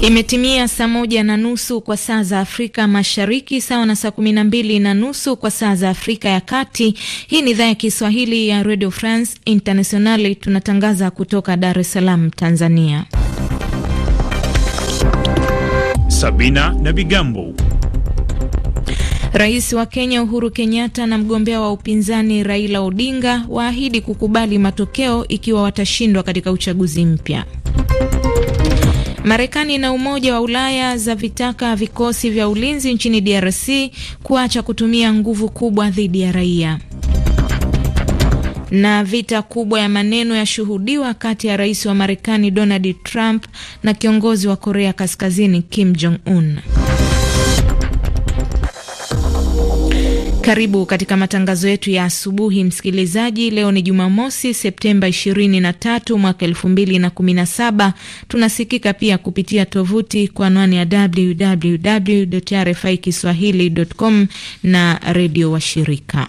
Imetimia saa moja na nusu kwa saa za Afrika Mashariki, sawa na saa kumi na mbili na nusu kwa saa za Afrika ya Kati. Hii ni idhaa ya Kiswahili ya Radio France Internationale, tunatangaza kutoka Dar es Salaam, Tanzania. Sabina na Bigambo. Rais wa Kenya Uhuru Kenyatta na mgombea wa upinzani Raila Odinga waahidi kukubali matokeo ikiwa watashindwa katika uchaguzi mpya. Marekani na Umoja wa Ulaya zavitaka vikosi vya ulinzi nchini DRC kuacha kutumia nguvu kubwa dhidi ya raia. Na vita kubwa ya maneno yashuhudiwa kati ya rais wa Marekani Donald Trump na kiongozi wa Korea Kaskazini Kim Jong Un. Karibu katika matangazo yetu ya asubuhi msikilizaji. Leo ni Jumamosi, Septemba 23 mwaka 2017. Tunasikika pia kupitia tovuti kwa anwani ya www RFI kiswahili.com na redio washirika.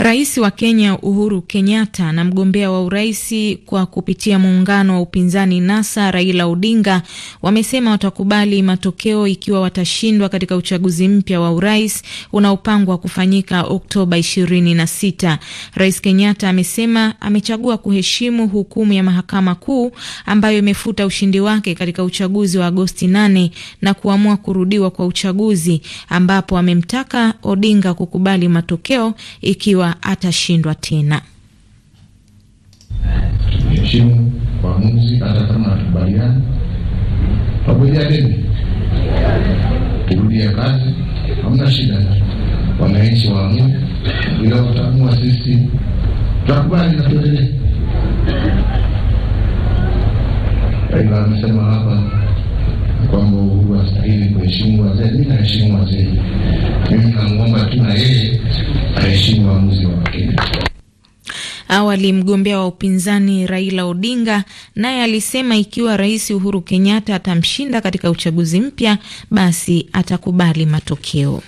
Rais wa Kenya Uhuru Kenyatta na mgombea wa uraisi kwa kupitia muungano wa upinzani NASA Raila Odinga wamesema watakubali matokeo ikiwa watashindwa katika uchaguzi mpya wa urais unaopangwa kufanyika Oktoba 26. Rais Kenyatta amesema amechagua kuheshimu hukumu ya mahakama kuu ambayo imefuta ushindi wake katika uchaguzi wa Agosti 8 na kuamua kurudiwa kwa uchaguzi ambapo amemtaka Odinga kukubali matokeo ikiwa atashindwa tena. Heshimu waamuzi, hata kama hatukubaliana pamoja. Deni turudia kazi, hamna shida. Wananchi waamue, ila tutaamua sisi, tutakubali na tuendelee. Raila amesema hapa kwamba uhuru wastahili kuheshimu wazee. Mi naheshimu wazee, mimi namwomba tu na yeye aheshimu uamuzi wa Wakenya. Awali mgombea wa upinzani Raila Odinga naye alisema ikiwa Rais Uhuru Kenyatta atamshinda katika uchaguzi mpya, basi atakubali matokeo.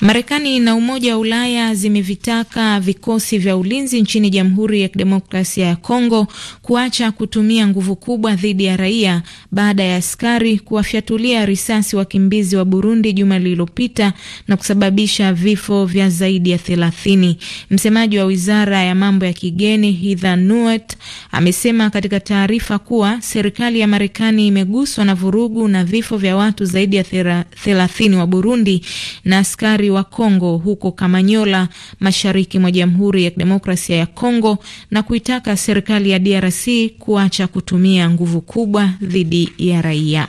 Marekani na Umoja wa Ulaya zimevitaka vikosi vya ulinzi nchini Jamhuri ya Kidemokrasia ya Kongo kuacha kutumia nguvu kubwa dhidi ya raia baada ya askari kuwafyatulia risasi wakimbizi wa Burundi juma lililopita na kusababisha vifo vya zaidi ya thelathini. Msemaji wa Wizara ya Mambo ya Kigeni Heather Nauert amesema katika taarifa kuwa serikali ya Marekani imeguswa na vurugu na vifo vya watu zaidi ya thelathini wa Burundi na askari wa Kongo huko Kamanyola, mashariki mwa Jamhuri ya Kidemokrasia ya Kongo na kuitaka serikali ya DRC kuacha kutumia nguvu kubwa dhidi ya raia.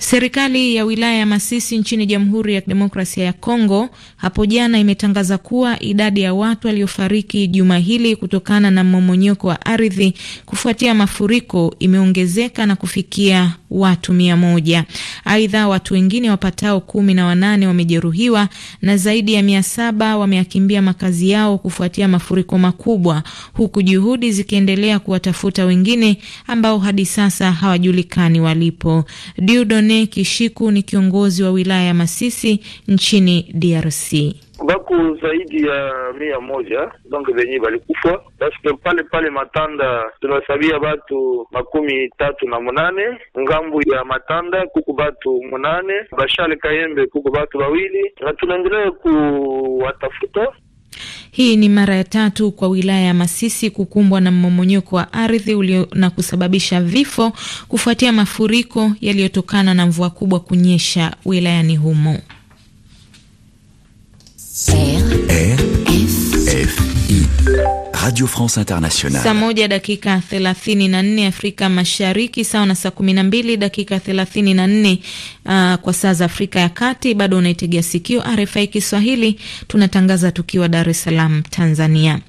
Serikali ya wilaya ya Masisi nchini Jamhuri ya Kidemokrasia ya Kongo hapo jana imetangaza kuwa idadi ya watu waliofariki juma hili kutokana na mmomonyoko wa ardhi kufuatia mafuriko imeongezeka na kufikia watu mia moja. Aidha, watu wengine wapatao kumi na wanane wamejeruhiwa na zaidi ya mia saba wameakimbia makazi yao kufuatia mafuriko makubwa, huku juhudi zikiendelea kuwatafuta wengine ambao hadi sasa hawajulikani walipo. Diudone Kishiku ni kiongozi wa wilaya ya Masisi nchini DRC. Bako zaidi ya mia moja donk venye balikufa paske pale pale Matanda tunasabia batu makumi tatu na munane ngambu ya Matanda kuku batu munane Bashale Kayembe kuku batu bawili na tunaendelea kuwatafuta. Hii ni mara ya tatu kwa wilaya ya Masisi kukumbwa na mmomonyoko wa ardhi ulio na kusababisha vifo kufuatia mafuriko yaliyotokana na mvua kubwa kunyesha wilayani humo. Radio France Internationale. Saa moja dakika 34 Afrika Mashariki, sawa na saa 12 dakika 34 uh, kwa saa za Afrika ya Kati. Bado unaitegea sikio RFI Kiswahili, tunatangaza tukiwa Dar es Salaam, Tanzania.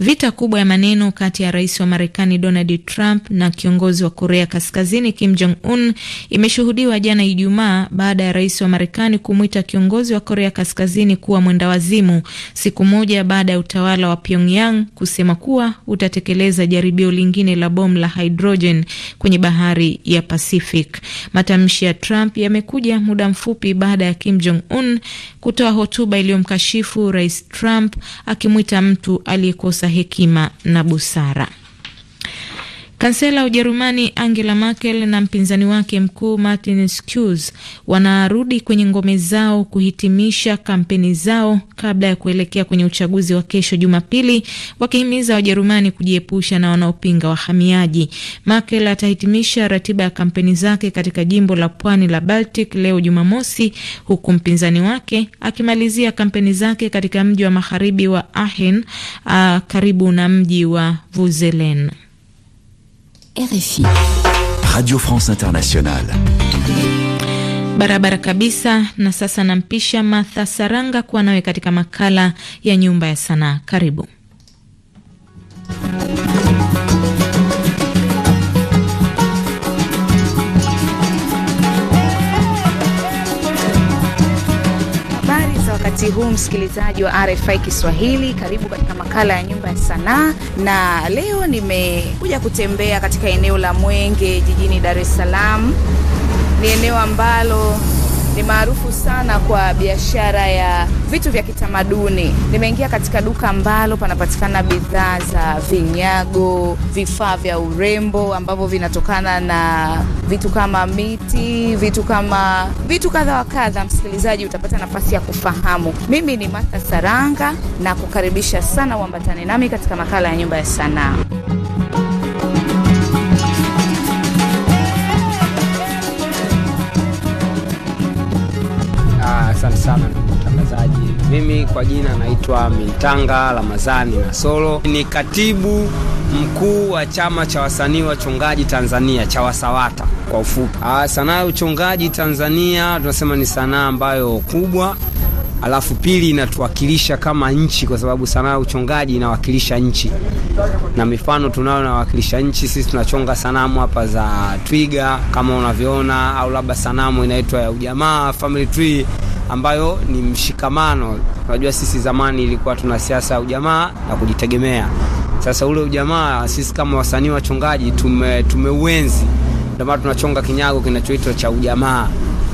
Vita kubwa ya maneno kati ya rais wa Marekani Donald Trump na kiongozi wa Korea Kaskazini Kim Jong Un imeshuhudiwa jana Ijumaa baada ya rais wa Marekani kumwita kiongozi wa Korea Kaskazini kuwa mwendawazimu, siku moja baada ya utawala wa Pyongyang kusema kuwa utatekeleza jaribio lingine la bomu la hidrojen kwenye bahari ya Pacific. Matamshi ya Trump yamekuja muda mfupi baada ya Kim Jong Un kutoa hotuba iliyomkashifu rais Trump akimwita mtu ali alikosa hekima na busara. Kansela wa Ujerumani Angela Merkel na mpinzani wake mkuu Martin Schulz wanarudi kwenye ngome zao kuhitimisha kampeni zao kabla ya kuelekea kwenye uchaguzi wa kesho Jumapili, wakihimiza Wajerumani kujiepusha na wanaopinga wahamiaji. Merkel atahitimisha ratiba ya kampeni zake katika jimbo la pwani la Baltic leo Jumamosi, huku mpinzani wake akimalizia kampeni zake katika mji wa magharibi wa Aachen, uh, karibu na mji wa Vuzelen. RFI, Radio France Internationale. Barabara kabisa. Na sasa nampisha Martha Saranga kuwa nawe katika makala ya nyumba ya sanaa. Karibu. wakati huu msikilizaji wa RFI Kiswahili, karibu katika makala ya nyumba ya sanaa, na leo nimekuja kutembea katika eneo la Mwenge jijini Dar es Salaam. Ni eneo ambalo ni maarufu sana kwa biashara ya vitu vya kitamaduni. Nimeingia katika duka ambalo panapatikana bidhaa za vinyago, vifaa vya urembo ambavyo vinatokana na vitu kama miti, vitu kama vitu kadha wa kadha. Msikilizaji, utapata nafasi ya kufahamu. Mimi ni Martha Saranga na kukaribisha sana uambatane nami katika makala ya Nyumba ya Sanaa. Asante sana ndugu mtangazaji. Mimi kwa jina naitwa Mintanga Ramazani solo ni katibu mkuu wa chama cha wasanii wachongaji Tanzania cha Wasawata kwa ufupi. Ah, sanaa ya uchongaji Tanzania tunasema ni sanaa ambayo kubwa alafu pili inatuwakilisha kama nchi, kwa sababu sanaa ya uchongaji inawakilisha nchi, na mifano tunayo inawakilisha nchi. Sisi tunachonga sanamu hapa za twiga kama unavyoona, au labda sanamu inaitwa ya ujamaa family tree ambayo ni mshikamano. Unajua sisi zamani ilikuwa tuna siasa ya ujamaa na kujitegemea. Sasa ule ujamaa sisi kama wasanii wachongaji tume, tumeuenzi, ndio maana tunachonga kinyago kinachoitwa cha ujamaa.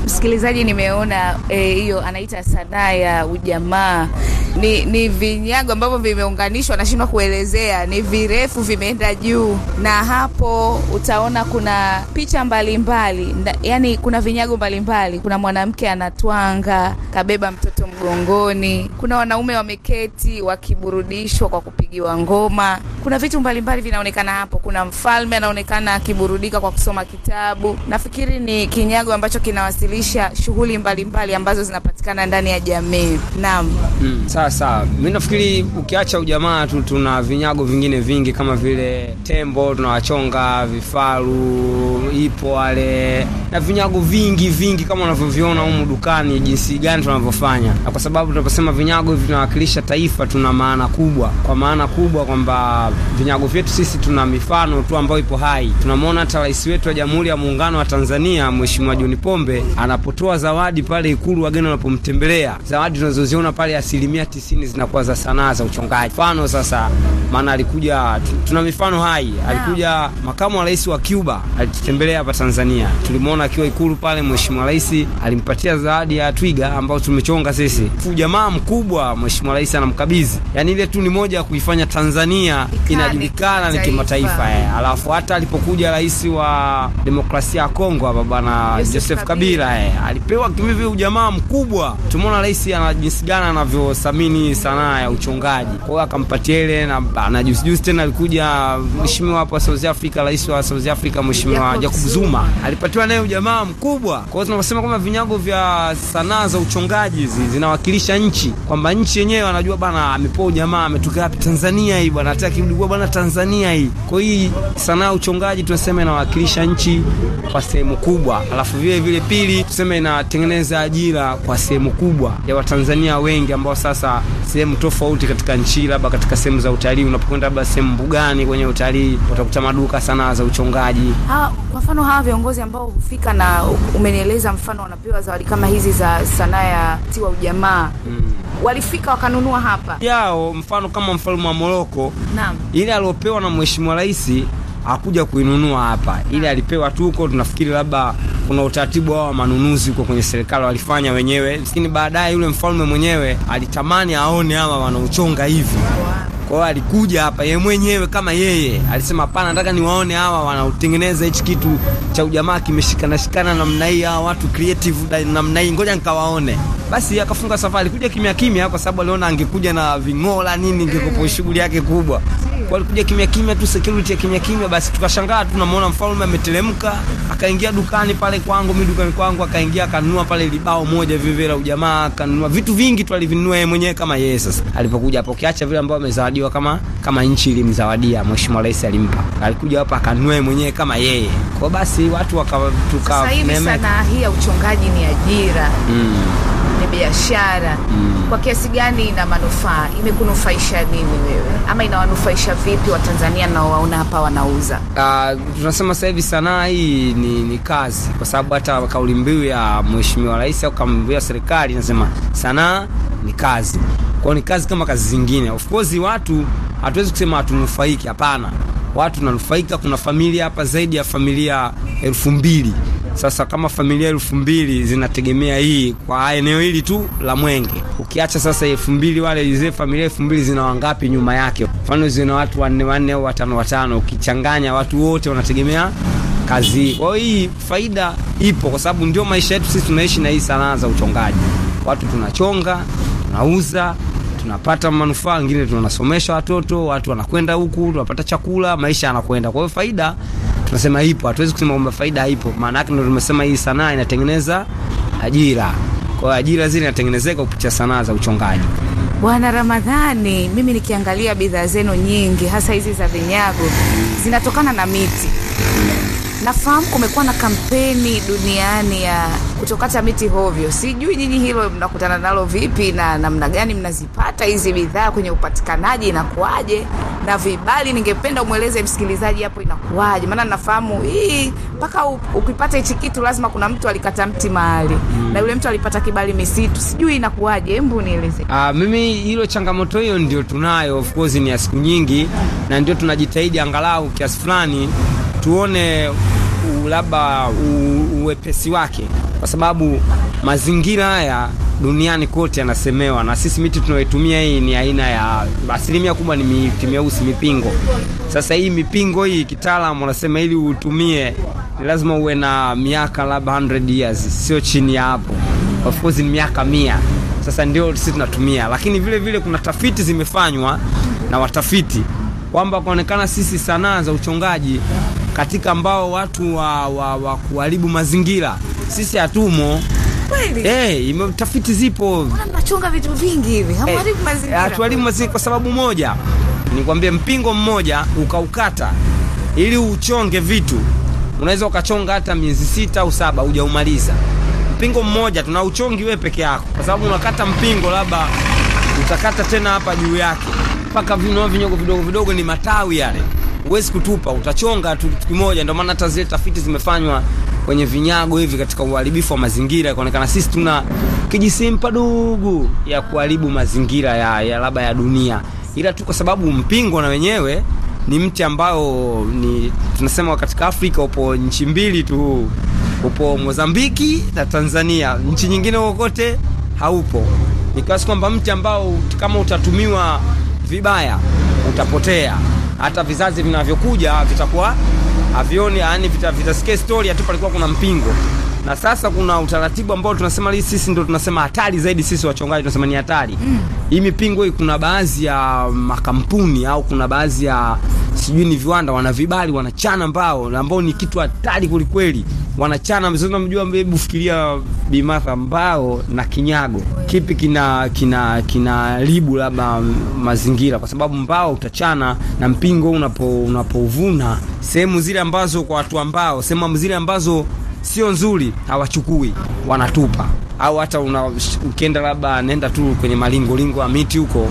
Msikilizaji, nimeona eh, hiyo e, anaita sanaa ya ujamaa ni, ni vinyago ambavyo vimeunganishwa, nashindwa kuelezea, ni virefu, vimeenda juu, na hapo utaona kuna picha mbalimbali mbali. Yani kuna vinyago mbalimbali mbali. Kuna mwanamke anatwanga kabeba mtoto mgongoni, kuna wanaume wameketi wakiburudishwa kwa kupa upigi wa ngoma, kuna vitu mbalimbali vinaonekana hapo. Kuna mfalme anaonekana akiburudika kwa kusoma kitabu. Nafikiri ni kinyago ambacho kinawasilisha shughuli mbalimbali ambazo zinapatikana ndani ya jamii. Naam, mm, sawa sawa. Mi nafikiri ukiacha ujamaa tu, tuna vinyago vingine vingi kama vile tembo tunawachonga, vifaru ipo wale na vinyago vingi vingi kama unavyoviona humu dukani, jinsi gani tunavyofanya, na kwa sababu tunaposema vinyago vinawakilisha taifa, tuna maana kubwa kwa maana sana kubwa kwamba vinyago vyetu sisi tuna mifano tu ambayo ipo hai. Tunamwona hata rais wetu wa Jamhuri ya Muungano wa Tanzania Mheshimiwa John Pombe anapotoa zawadi pale Ikulu wageni wanapomtembelea, zawadi tunazoziona pale asilimia tisini zinakuwa za sanaa za uchongaji. Mfano sasa, maana alikuja, tuna mifano hai, alikuja makamu wa rais wa Cuba alitutembelea hapa Tanzania, tulimwona akiwa Ikulu pale, Mheshimiwa rais alimpatia zawadi ya twiga ambao tumechonga sisi. Jamaa mkubwa Mheshimiwa rais anamkabidhi, yani ile tu ni moja ya kuifanya kufanya Tanzania inajulikana ni kimataifa eh. Alafu hata alipokuja rais wa demokrasia ya Kongo hapa bwana Joseph Kabila eh, alipewa kivivi ujamaa mkubwa. Tumeona rais ana jinsi gani anavyothamini sanaa ya uchongaji, kwa hiyo akampatia ile na, na juzi juzi tena alikuja mheshimiwa hapa South Africa, rais wa South Africa mheshimiwa Jacob Zuma alipatiwa naye ujamaa mkubwa. Kwa hiyo tunasema kwamba vinyago vya sanaa za uchongaji zinawakilisha nchi, kwamba nchi yenyewe wanajua bana amepoa ujamaa ametoka hapa Tanzania Tanzania hii bwana, nataka kimdugua bwana Tanzania hii. Kwa hii sanaa uchongaji tunasema inawakilisha nchi kwa sehemu kubwa, alafu vile vile pili tuseme inatengeneza ajira kwa sehemu kubwa ya Watanzania wengi ambao sasa sehemu tofauti katika nchi, labda katika sehemu za utalii, unapokwenda labda sehemu mbugani kwenye utalii utakuta maduka sanaa za uchongaji. Ha, kwa mfano hawa viongozi ambao hufika na umenieleza mfano wanapewa zawadi kama hizi za sanaa ya tiwa ujamaa hmm walifika wakanunua hapa yao. Mfano kama mfalme wa Moroko, naam, ile aliopewa na mheshimiwa rais hakuja kuinunua hapa, ile alipewa tu huko. Tunafikiri labda kuna utaratibu wao wa manunuzi huko kwenye serikali walifanya wenyewe, lakini baadaye yule mfalme mwenyewe alitamani aone hawa wanaochonga hivi kwa hiyo alikuja hapa yeye mwenyewe kama yeye alisema, hapana, nataka niwaone hawa wanaotengeneza hichi kitu cha ujamaa kimeshikana shikana namna hii, hawa watu creative namna hii, ngoja nikawaone. Basi akafunga safari kuja kimya kimya, kwa sababu aliona angekuja na ving'ola nini, ingekuwa shughuli yake kubwa. Kwa alikuja kimya kimya tu, security ya kimya kimya. Basi tukashangaa tunamwona mfalme ameteremka, akaingia dukani pale kwangu, mimi dukani kwangu, akaingia akanunua pale libao moja vivyo la ujamaa, akanunua vitu vingi tu, alivinunua yeye mwenyewe kama yeye. Sasa alipokuja hapo, kiacha vile ambao amezawadiwa kama kama nchi ilimzawadia, mheshimiwa rais alimpa, alikuja hapa akanunua yeye mwenyewe kama yeye. Kwa basi watu wakatuka. Sasa hivi sana hii ya uchongaji ni ajira mm biashara mm. Kwa kiasi gani ina manufaa? Imekunufaisha nini wewe, ama inawanufaisha vipi Watanzania naowaona hapa wanauza? Uh, tunasema sasa hivi sanaa hii ni, ni kazi, kwa sababu hata kauli mbiu ya Mheshimiwa Rais au kaulimbiu mbiu ya serikali inasema sanaa ni kazi, kwao ni kazi kama kazi zingine. Of course watu hatuwezi kusema hatunufaiki, hapana, watu nanufaika. Kuna familia hapa zaidi ya familia elfu mbili sasa kama familia elfu mbili zinategemea hii kwa eneo hili tu la Mwenge, ukiacha sasa elfu mbili wale zile familia elfu mbili zina wangapi nyuma yake? Mfano zina watu wanne wanne au watano watano, ukichanganya watu wote wanategemea kazi hii. Kwa hiyo hii faida ipo, kwa sababu ndio maisha yetu sisi, tunaishi na hii sanaa za uchongaji. Watu tunachonga, tunauza tunapata manufaa, wengine tunasomesha watoto, watu wanakwenda huku, tunapata chakula, maisha yanakwenda. Kwa hiyo faida tunasema ipo, hatuwezi kusema kwamba faida haipo. Maana yake ndio tumesema hii sanaa inatengeneza ajira, kwa ajira zile inatengenezeka kupitia sanaa za uchongaji. Bwana Ramadhani, mimi nikiangalia bidhaa zenu nyingi, hasa hizi za vinyago, zinatokana na miti Nafahamu kumekuwa na kampeni duniani ya kutokata miti hovyo. Sijui nyinyi hilo mnakutana nalo vipi na namna gani mnazipata hizi bidhaa kwenye upatikanaji, inakuwaje? Na vibali, ningependa umweleze msikilizaji hapo inakuwaje, maana nafahamu hii mpaka ukipata hichi kitu lazima kuna mtu alikata mti mahali mm, na yule mtu alipata kibali misitu, sijui inakuwaje, hembu nieleze. uh, mimi hilo changamoto hiyo ndio tunayo, of course ni ya siku nyingi, na ndio tunajitahidi angalau kiasi fulani tuone labda uwepesi wake, kwa sababu mazingira haya duniani kote yanasemewa, na sisi miti tunayoitumia hii ni aina ya asilimia kubwa ni miti meusi, mipingo. Sasa hii mipingo hii kitaalamu wanasema ili utumie ni lazima uwe na miaka labda 100 years, sio chini ya hapo. Of course ni miaka mia. Sasa ndio sisi tunatumia, lakini vile vile kuna tafiti zimefanywa na watafiti kwamba kuonekana sisi sanaa za uchongaji katika ambao watu wa, wa, wa kuharibu mazingira, sisi hatumo. Hey, eh, tafiti zipo, mnachunga vitu vingi hivi, eh, hamharibu mazingira. Hatuharibu mazingira kwa sababu moja, nikwambie, mpingo mmoja ukaukata ili uchonge vitu unaweza ukachonga hata miezi sita au saba hujaumaliza. Mpingo mmoja tuna uchongi wewe peke yako, kwa sababu unakata mpingo, labda utakata tena hapa juu yake, mpaka vinoa vinyogo vidogo vidogo, ni matawi yale huwezi kutupa, utachonga tu kitu kimoja. Ndio maana hata zile tafiti zimefanywa kwenye vinyago hivi katika uharibifu wa mazingira, ikaonekana sisi tuna kijisimpa dugu ya kuharibu mazingira ya, ya labda ya dunia, ila tu kwa sababu mpingo na wenyewe ni mti ambao ni tunasema katika Afrika upo nchi mbili tu, upo Mozambiki na Tanzania, nchi nyingine kokote haupo. Ni kiasi kwamba mti ambao kama utatumiwa vibaya utapotea hata vizazi vinavyokuja vitakuwa havioni, yani vitasikia vita stori tu palikuwa kuna mpingo na sasa kuna utaratibu ambao tunasema hii sisi ndio tunasema hatari zaidi, sisi wachongaji tunasema ni hatari mm. Hii mipingo hii, kuna baadhi ya makampuni au kuna baadhi ya sijui ni viwanda wana vibali wanachana mbao ambao ni kitu hatari kulikweli wanachana mzima, mjua, hebu fikiria bimatha mbao na kinyago, kipi kina kina kinaharibu labda mazingira? Kwa sababu mbao utachana na mpingo unapo unapovuna sehemu zile ambazo kwa watu ambao sehemu zile ambazo sio nzuri hawachukui, wanatupa au hata ukienda labda nenda tu kwenye malingolingo ya miti huko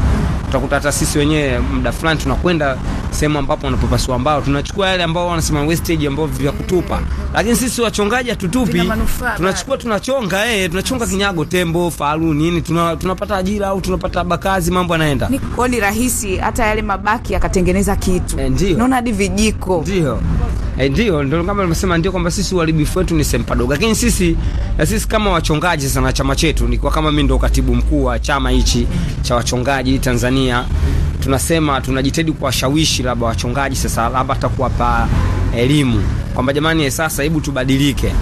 utakuta hata sisi wenyewe muda fulani tunakwenda sehemu ambapo wanapopasua mbao, tunachukua yale ambao wanasema wastage ambao vya kutupa, lakini sisi wachongaji hatutupi, tunachukua tunachonga, eh, tunachonga kinyago, tembo, faru, nini, tunapata ajira au tunapata bakazi, mambo yanaenda. Ni kweli rahisi, hata yale mabaki yakatengeneza kitu, eh, ndio naona hadi vijiko, ndio e, ndio ndio, kama nimesema, ndio kwamba sisi uharibifu wetu ni sempadogo, lakini sisi na sisi kama wachongaji sana, chama chetu ni kwa, kama mimi ndo katibu mkuu wa chama hichi cha wachongaji Tanzania tunasema tunajitahidi kuwashawishi labda wachungaji sasa, labda hata kuwapa elimu kwamba jamani, sasa hebu tubadilike.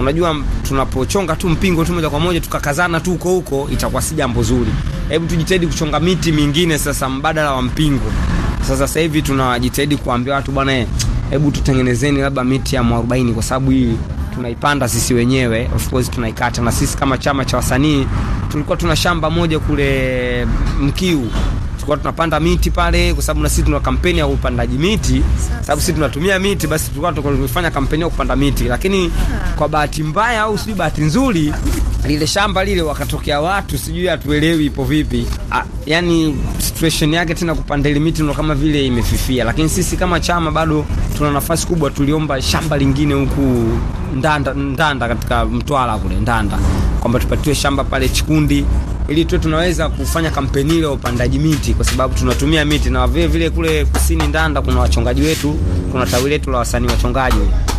Unajua, tunapochonga tu mpingo tu moja kwa moja tukakazana tu huko huko, itakuwa si jambo zuri. Hebu tujitahidi kuchonga miti mingine sasa, mbadala wa mpingo. Sasa sasa hivi tunajitahidi kuambia watu bwana, hebu tutengenezeni labda miti ya mwarobaini kwa sababu hii tunaipanda sisi wenyewe, of course tunaikata na sisi. Kama chama cha wasanii tulikuwa tuna shamba moja kule Mkiu tulikuwa tunapanda miti pale, kwa sababu na sisi tuna kampeni ya upandaji miti, sababu sisi tunatumia miti, basi tulikuwa tunafanya kampeni ya kupanda miti. Lakini ah. kwa bahati mbaya au sijui bahati nzuri, lile shamba lile wakatokea watu, sijui hatuelewi ipo vipi, ah, yani situation yake tena kupanda ile miti ndo kama vile imefifia. Lakini sisi kama chama bado tuna nafasi kubwa, tuliomba shamba lingine huku Ndanda, Ndanda katika Mtwara kule Ndanda, kwamba tupatiwe shamba pale Chikundi ili tuwe tunaweza kufanya kampeni ile upandaji miti, kwa sababu tunatumia miti. Na vile vile kule kusini Ndanda kuna wachongaji wetu, kuna tawi letu la wasanii wachongaji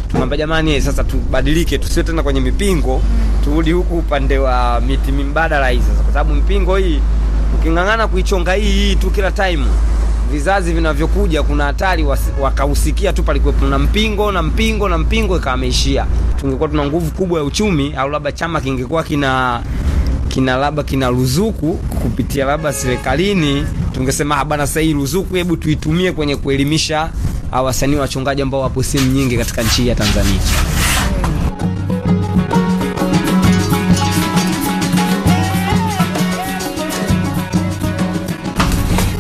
tunaomba jamani, sasa tubadilike, tusiwe tena kwenye mipingo, turudi huku upande wa miti mbadala hii sasa, kwa sababu mipingo hii uking'ang'ana kuichonga hii hii tu kila time, vizazi vinavyokuja kuna hatari wakahusikia tu palikuwepo na mpingo na mpingo na mpingo, ikawa ameishia. Tungekuwa tuna nguvu kubwa ya uchumi, au labda chama kingekuwa kina kina labda kina ruzuku kupitia labda serikalini, tungesema habana, ah, sasa hii ruzuku hebu tuitumie kwenye kuelimisha hawa wasanii wachongaji ambao wapo sehemu nyingi katika nchi ya Tanzania.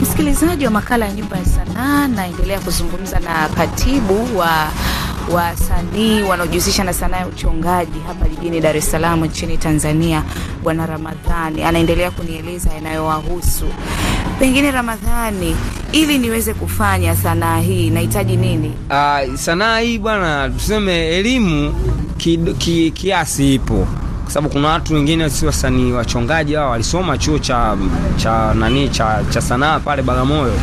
Msikilizaji wa makala ya Nyumba ya Sanaa, naendelea kuzungumza na katibu wa wasanii wanaojihusisha na sanaa ya uchongaji hapa jijini Dar es Salaam nchini Tanzania. Bwana Ramadhani anaendelea kunieleza yanayowahusu. Pengine Ramadhani, ili niweze kufanya sanaa hii nahitaji nini? Uh, sanaa hii bwana, tuseme elimu ki, ki, kiasi ipo kwa sababu kuna watu wengine si wasanii wachongaji hao walisoma chuo cha cha nani cha, cha sanaa pale Bagamoyo,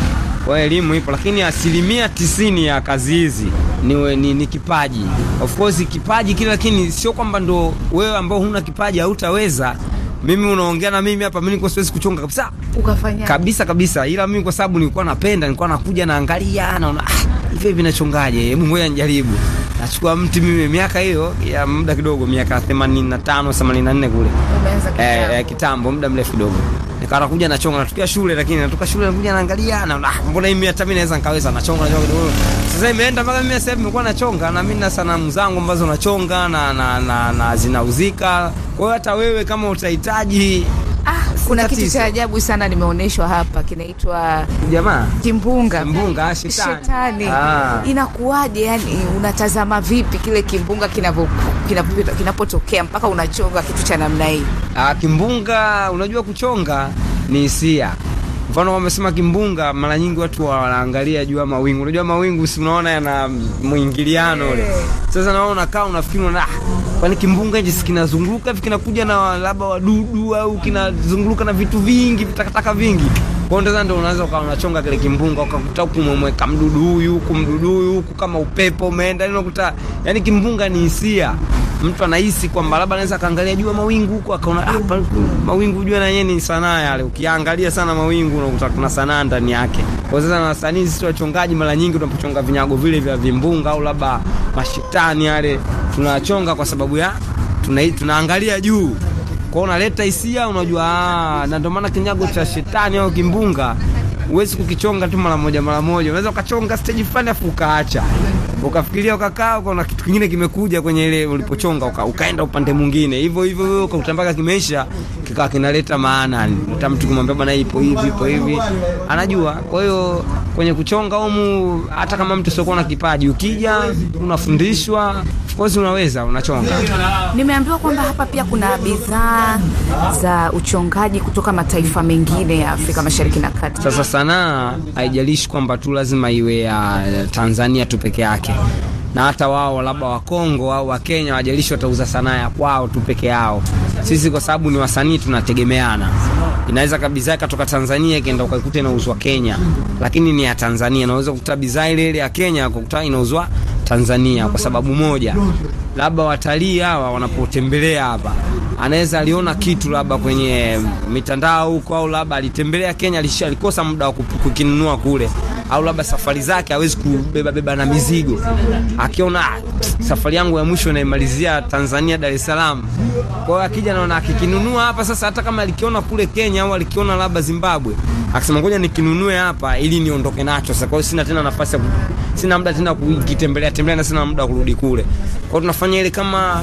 kwa elimu ipo, lakini asilimia tisini ya kazi hizi niwe ni, ni kipaji of course kipaji kile, lakini sio kwamba ndo wewe ambao huna kipaji hautaweza. Mimi unaongea na mimi hapa, mimi niko siwezi kuchonga kabisa ukafanya kabisa kabisa, ila mimi kwa sababu nilikuwa napenda, nilikuwa nakuja naangalia, naona ah, hivi nachongaje, hebu ngoja nijaribu. Nachukua mti mimi, miaka hiyo ya muda kidogo, miaka 85 84 kule, eh, eh, kitambo, muda mrefu kidogo nikawa nakuja nachonga natukia shule, lakini natoka shule nakuja naangalia na ah, mbona mimi hata mimi naweza nikaweza nachonga nachonga kidogo. Sasa imeenda mpaka mimi sasa nimekuwa nachonga na mimi na sanamu zangu ambazo nachonga na na, na, na zinauzika. Kwa hiyo hata wewe kama utahitaji kuna kitu cha ajabu sana nimeonyeshwa hapa, kinaitwa jamaa kimbunga, kimbunga shetani, shetani. Ah. Inakuwaje yani, unatazama vipi kile kimbunga kinapotokea kina mpaka unachonga kitu cha namna hii? Ah, kimbunga, unajua kuchonga ni hisia mfano wamesema kimbunga, mara nyingi watu wanaangalia juu ya mawingu. Unajua mawingu si unaona yana mwingiliano ule. Sasa naona unakaa unafikiri na ah, kwani kimbunga hichi kinazunguka hivi kinakuja na labda wadudu au kinazunguka na vitu vingi vitakataka vingi. Kwa hiyo sasa ndio unaanza ukawa unachonga kile kimbunga ukakuta huku umemweka mdudu huyu huku mdudu huyu huku kama upepo umeenda, ni yaani unakuta yani kimbunga ni hisia mtu anahisi kwamba labda anaweza kaangalia juu mawingu huko akaona hapa ah, mawingu jua na yeye ni sanaa yale. Ukiangalia sana mawingu unakuta kuna sanaa ndani yake. Kwa sasa na wasanii sisi wachongaji, mara nyingi tunapochonga vinyago vile vya vimbunga au labda mashitani yale, tunachonga kwa sababu ya tuna, tunaangalia juu kwao, unaleta hisia, unajua, ah, na ndio maana kinyago cha shetani au kimbunga huwezi kukichonga tu mara moja mara moja. Unaweza ukachonga stage fulani afu ukaacha, ukafikiria, ukakaa, ukaona kitu kingine kimekuja kwenye ile ulipochonga, uka, ukaenda upande mwingine, hivyo hivyo ukakutambaka, kimeisha kikawa kinaleta maana. Uta mtu kumwambia bwana, ipo hivi, ipo hivi, anajua. Kwa hiyo kwenye kuchonga humu, hata kama mtu siokuwa na kipaji, ukija unafundishwa Of course unaweza unachonga. Nimeambiwa kwamba hapa pia kuna bidhaa za uchongaji kutoka mataifa mengine ya Afrika Mashariki na Kati. Sasa sanaa haijalishi kwamba tu lazima iwe ya Tanzania tu peke yake na hata wao labda Wakongo au Wakenya wajalishi watauza sanaa ya kwao tu peke yao. Sisi kwa sababu ni wasanii tunategemeana, inaweza kabisa ikatoka Tanzania ikaenda ukaikuta inauzwa Kenya, lakini ni ya Tanzania. Naweza kukuta bidhaa ile ile ya Kenya kukuta inauzwa Tanzania kwa sababu moja, labda watalii hawa wanapotembelea hapa, anaweza aliona kitu labda kwenye mitandao huko, au labda alitembelea Kenya, alikosa muda wa kukinunua kule au labda safari zake hawezi kubeba beba na mizigo, akiona safari yangu ya mwisho naimalizia Tanzania, Dar es Salaam. Kwa hiyo akija naona akikinunua hapa sasa, hata kama alikiona kule Kenya au alikiona labda Zimbabwe, akisema ngoja nikinunue hapa ili niondoke nacho sasa. Kwa hiyo sina tena nafasi ya sina muda tena kukitembelea tembelea na sina muda kurudi kule. Kwa hiyo tunafanya ile kama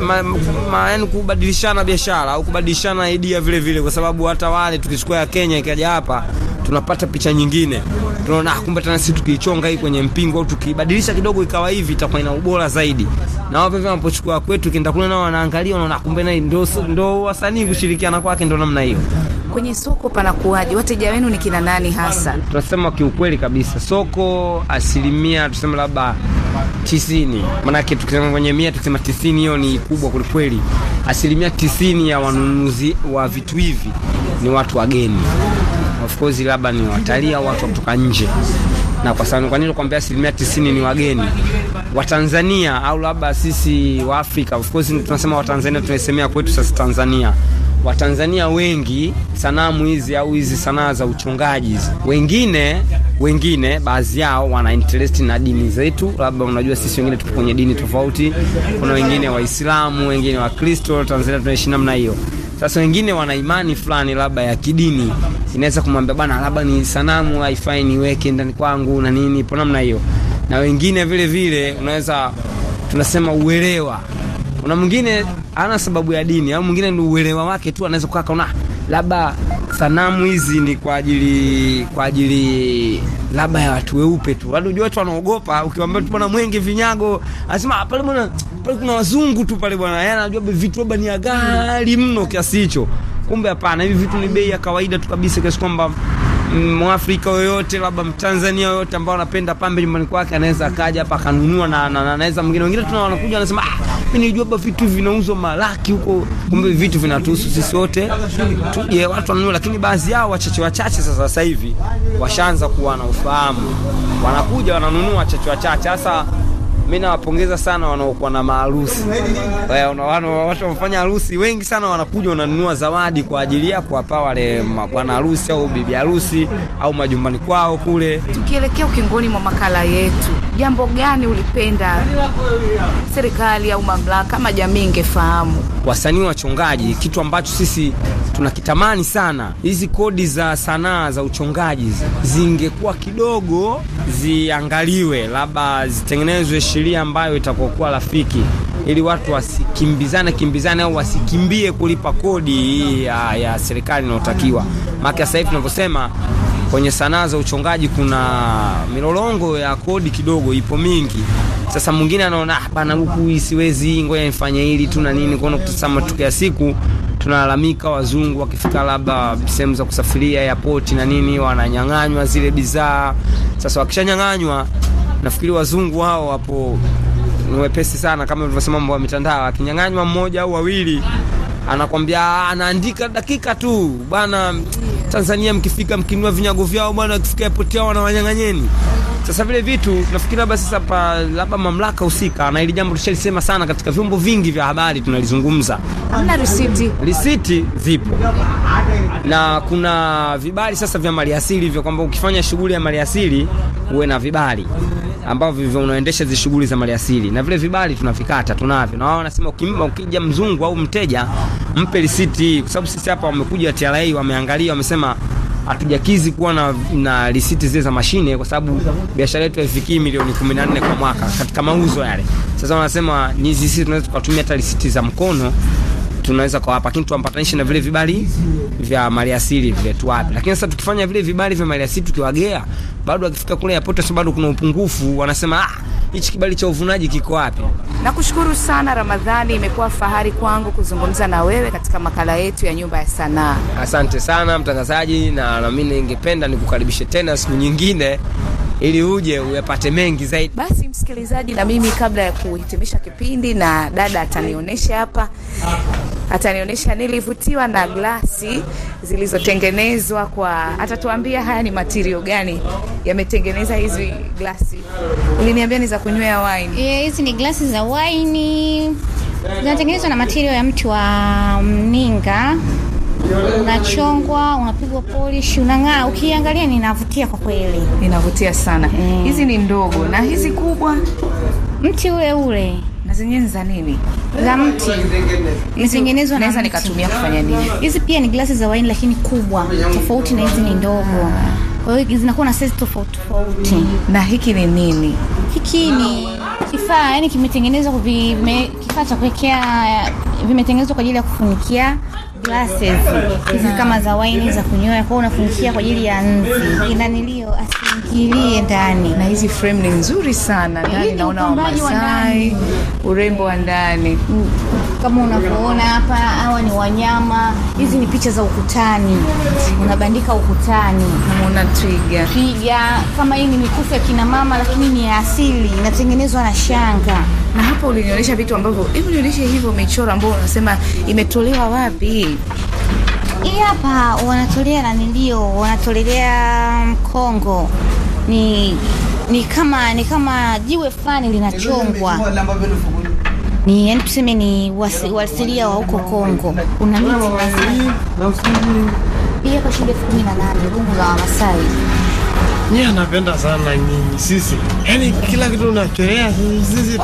ma, ma, yani kubadilishana biashara au kubadilishana idea vile vile, kwa sababu hata wale tukichukua ya Kenya ikaja hapa tunapata picha nyingine, tunaona ah, kumbe tena sisi tukiichonga hii kwenye mpingo au tukibadilisha kidogo ikawa hivi itakuwa ina ubora zaidi. Na wao vipi wanapochukua kwetu kienda kule nao wanaangalia, wanaona kumbe na ndio ndio wasanii kushirikiana kwake ndio namna hiyo. Kwenye soko panakuwaje? Wateja wenu ni kina nani hasa? Tunasema kiukweli kabisa, soko asilimia tuseme labda tisini, maanake tukisema kwenye mia tukisema tisini, hiyo ni kubwa kwelikweli. Asilimia tisini ya wanunuzi wa vitu hivi ni watu wageni of course labda ni watalii au watu kutoka nje, na kwa sababu kwa nini nakwambia asilimia tisini ni wageni Watanzania au labda sisi wa Afrika. Of course tunasema Watanzania, tunaisemea kwetu sasa Tanzania. Watanzania wengi sanamu hizi au hizi sanaa za uchongaji hizi, wengine wengine baadhi yao wana interest na dini zetu, labda unajua sisi wengine tupo kwenye dini tofauti. Kuna wengine Waislamu, wengine Wakristo. Tanzania tunaishi namna hiyo. Sasa wengine wana imani fulani labda ya kidini, inaweza kumwambia bwana, labda ni sanamu haifai niweke ndani kwangu na nini, po namna hiyo. Na wengine vile vile unaweza tunasema uelewa, kuna mwingine ana sababu ya dini, au mwingine ni uelewa wake tu, anaweza kukaa kaona labda sanamu hizi ni kwa ajili kwa ajili labda ya watu weupe tu. Watu unajua watu wanaogopa, ukiwaambia tu bwana mwenge vinyago, anasema ah, pale bwana, pale kuna wazungu tu pale bwana, yeye yaani anajua vitu labda ni ghali mno kiasi hicho. Kumbe hapana, hivi vitu ni bei ya kawaida tu kabisa, kiasi kwamba Mwafrika yoyote labda Mtanzania yoyote ambao anapenda pambe nyumbani kwake anaweza akaja hapa akanunua, na anaweza mwingine wengine tuna wanakuja wanasema, ah, mimi nilijua ba vitu vinauzwa malaki huko, kumbe vitu vinatuhusu sisi wote tuje watu wanunua, lakini baadhi yao wachache wachache sasa sasa hivi washaanza kuwa na ufahamu, wanakuja wananunua wachache wachache. Sasa mimi nawapongeza sana wanaokuwa na maharusi, watu wamfanya harusi wengi sana wanakuja wananunua zawadi kwa ajili ya kuwapa wale bwana harusi au bibi harusi au majumbani kwao kule. Tukielekea ukingoni mwa makala yetu jambo gani ulipenda serikali au mamlaka ama jamii ingefahamu? Wasanii wachongaji, kitu ambacho sisi tunakitamani sana, hizi kodi za sanaa za uchongaji zingekuwa kidogo ziangaliwe, labda zitengenezwe sheria ambayo itakokuwa rafiki ili watu wasikimbizane kimbizane au wasikimbie kulipa kodi hii ya, ya serikali inayotakiwa. Maana sasa hivi tunavyosema kwenye sanaa za uchongaji kuna milolongo ya kodi kidogo ipo mingi. Sasa mwingine anaona hapana, ah, huku siwezi, ngoja nifanye hili tu na nini. Kuona kutazama matukio ya siku tunalalamika, wazungu wakifika labda sehemu za kusafiria airport na nini, wananyang'anywa zile bidhaa. Sasa wakishanyang'anywa, nafikiri wazungu hao wapo ni wepesi sana, kama ulivyosema, mambo ya mitandao. Akinyang'anywa mmoja au wawili, anakwambia ah, anaandika dakika tu bana Tanzania mkifika mkinua vinyago vyao bwana, akifika airport wanawanyang'anyeni. Sasa vile vitu nafikiri labda sasa pa labda mamlaka husika, na ili jambo tushalisema sana katika vyombo vingi vya habari tunalizungumza. Hamna risiti, risiti zipo na kuna vibali sasa vya maliasili hivyo kwamba ukifanya shughuli ya maliasili uwe na vibali ambavyo vivyo unaendesha hizo shughuli za maliasili, na vile vibali tunavikata, tunavyo, na wao wanasema ukija mzungu au mteja mpe risiti, kwa sababu sisi hapa wamekuja TRA, wameangalia, wamesema hatujakizi kuwa na, na risiti zile za mashine kwa sababu biashara yetu haifikii milioni 14 kwa mwaka katika mauzo yale. Sasa wanasema ni sisi tunaweza tukatumia hata risiti za mkono tunaweza hapa, lakini tuwampatanishe na vile vibali vya maliasili vile wapi. Lakini sasa tukifanya vile vibali vya maliasili tukiwagea, bado akifika kule airport, bado kuna upungufu, wanasema ah hichi kibali cha uvunaji kiko wapi? Nakushukuru sana Ramadhani, imekuwa fahari kwangu kuzungumza na wewe katika makala yetu ya Nyumba ya Sanaa. Asante sana mtangazaji, na nami ningependa nikukaribishe tena siku nyingine ili uje uyapate mengi zaidi. Basi msikilizaji, na mimi kabla ya kuhitimisha kipindi na dada atanionyesha hapa atanionyesha. Nilivutiwa na glasi zilizotengenezwa kwa, atatuambia haya ni matirio gani yametengeneza hizi glasi. Uliniambia ni za kunywea wine. Yeah, hizi ni glasi za wine zinatengenezwa na matirio ya mti wa mm, mninga unachongwa unapigwa polish, unang'aa. Ukiangalia inavutia kwa kweli, inavutia sana. Mm. Hizi mm, ni ndogo na hizi kubwa, mti ule ule zenyewe za nini? Eh, za mti, litengenezwa. Naweza nikatumia kufanya nini? Ah. Hizi pia ni glasi za waini, lakini kubwa tofauti na hizi ni ndogo, kwa hiyo zinakuwa na size tofauti tofauti. Na hiki ni nini? Hiki ni kifaa yani kimetengenezwa kifaa cha kuwekea vimetengenezwa kwa ajili ya kufunikia glasses hizi kama za waini za kunywa, kwao unafunikia kwa ajili ya nzi inanilio asiingilie ndani. Na hizi frame ni nzuri sana yaani ndani, naona Wamasai urembo wa ndani mm kama unavyoona hapa, hawa ni wanyama. Hizi ni picha za ukutani, unabandika ukutani. Unaona twiga, twiga. Kama hii ni mikufu ya kina mama, lakini ni ya asili, inatengenezwa na shanga na hapa ulinionyesha vitu ambavyo, hebu nionyeshe hivyo michoro ambayo unasema imetolewa wapi? Hii hapa wanatolea na nilio wanatolelea Kongo, ni ni kama ni kama jiwe fulani linachongwa ni yani tuseme ni uasilia wa huko Kongo, una miti pia kwa shilingi elfu kumi na nane rungu la Wamasai. Ni anapenda sana nyinyi sisi, yani kila kitu unatolea sisi,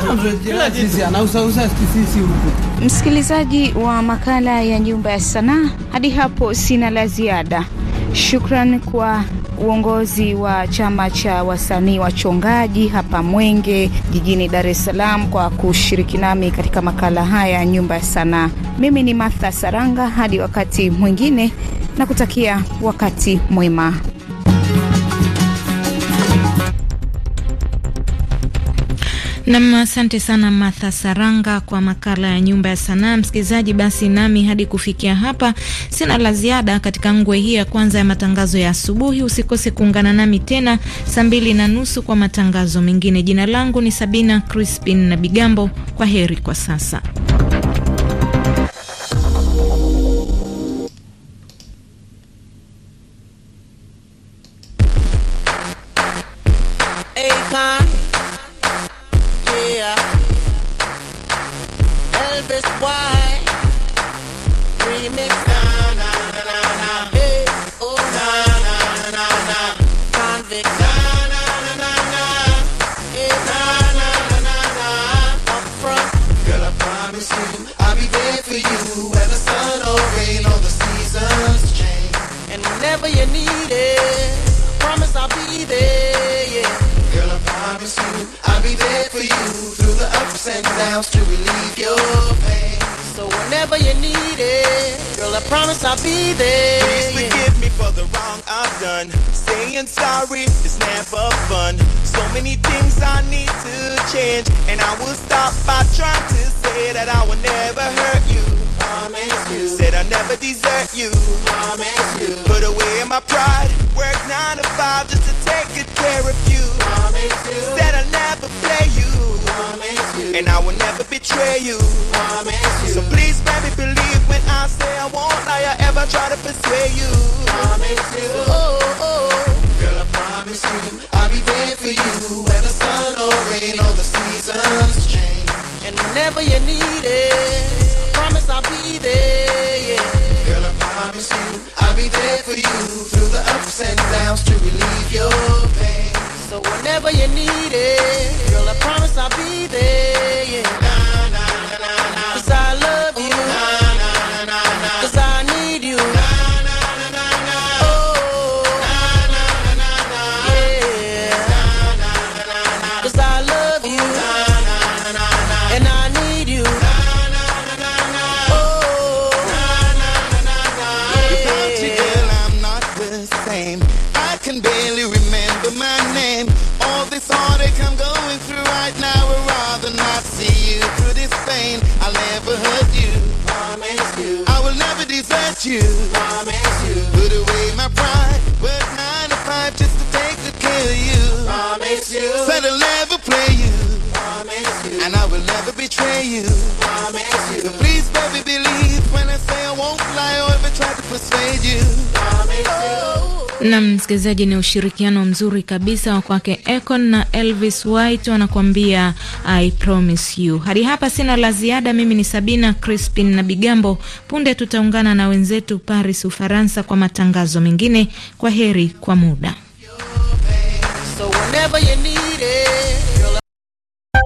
kila sisi anausausa sisi huko. Msikilizaji wa makala ya Nyumba ya Sanaa, hadi hapo sina la ziada. Shukran kwa uongozi wa chama cha wasanii wachongaji hapa Mwenge jijini Dar es Salaam kwa kushiriki nami katika makala haya ya Nyumba ya Sanaa. Mimi ni Martha Saranga, hadi wakati mwingine na kutakia wakati mwema. Nam, asante sana Martha Saranga kwa makala ya nyumba ya sanaa. Msikilizaji, basi nami hadi kufikia hapa sina la ziada katika ngwe hii ya kwanza ya matangazo ya asubuhi. Usikose kuungana nami tena saa mbili na nusu kwa matangazo mengine. Jina langu ni Sabina Crispin na Bigambo. Kwa heri kwa sasa. Hey, ups and downs to relieve your pain. So whenever you need it, girl, I promise I'll be there. Please forgive me for the wrong I've done. Saying sorry is never fun. So many things I need to change, and I will stop by trying to say that I will never hurt you. You. Said I'll never desert you. you. Put away my pride. Work nine to five just to take good care of you. Said I'll never play you. And I will never betray you. So please, baby, believe when I say I won't lie or ever try to persuade you. Oh, oh. Girl, I promise you, I'll be there for you. Whether sun or rain or the seasons change. And whenever you need it, I promise I'll be there. Yeah. Girl, I promise you, I'll be there for you through the ups and downs to relieve your pain. So whenever you need it, girl, I promise I'll be there. like I'm going through right now. I'd rather not see you through this pain. I'll never hurt you. Promise you. I will never desert you. Promise you. Put away my pride. Work nine to five just to take good care of you. Promise you. Said I'll never play you. Promise you. And I will never betray you. Promise you. So please, baby, believe when I say I won't lie or ever try to persuade you. Promise oh. you. na msikilizaji, ni ushirikiano mzuri kabisa wa kwake Econ na Elvis White wanakuambia I promise you. Hadi hapa sina la ziada. Mimi ni Sabina Crispin na Bigambo. Punde tutaungana na wenzetu Paris, Ufaransa, kwa matangazo mengine. Kwa heri kwa muda. So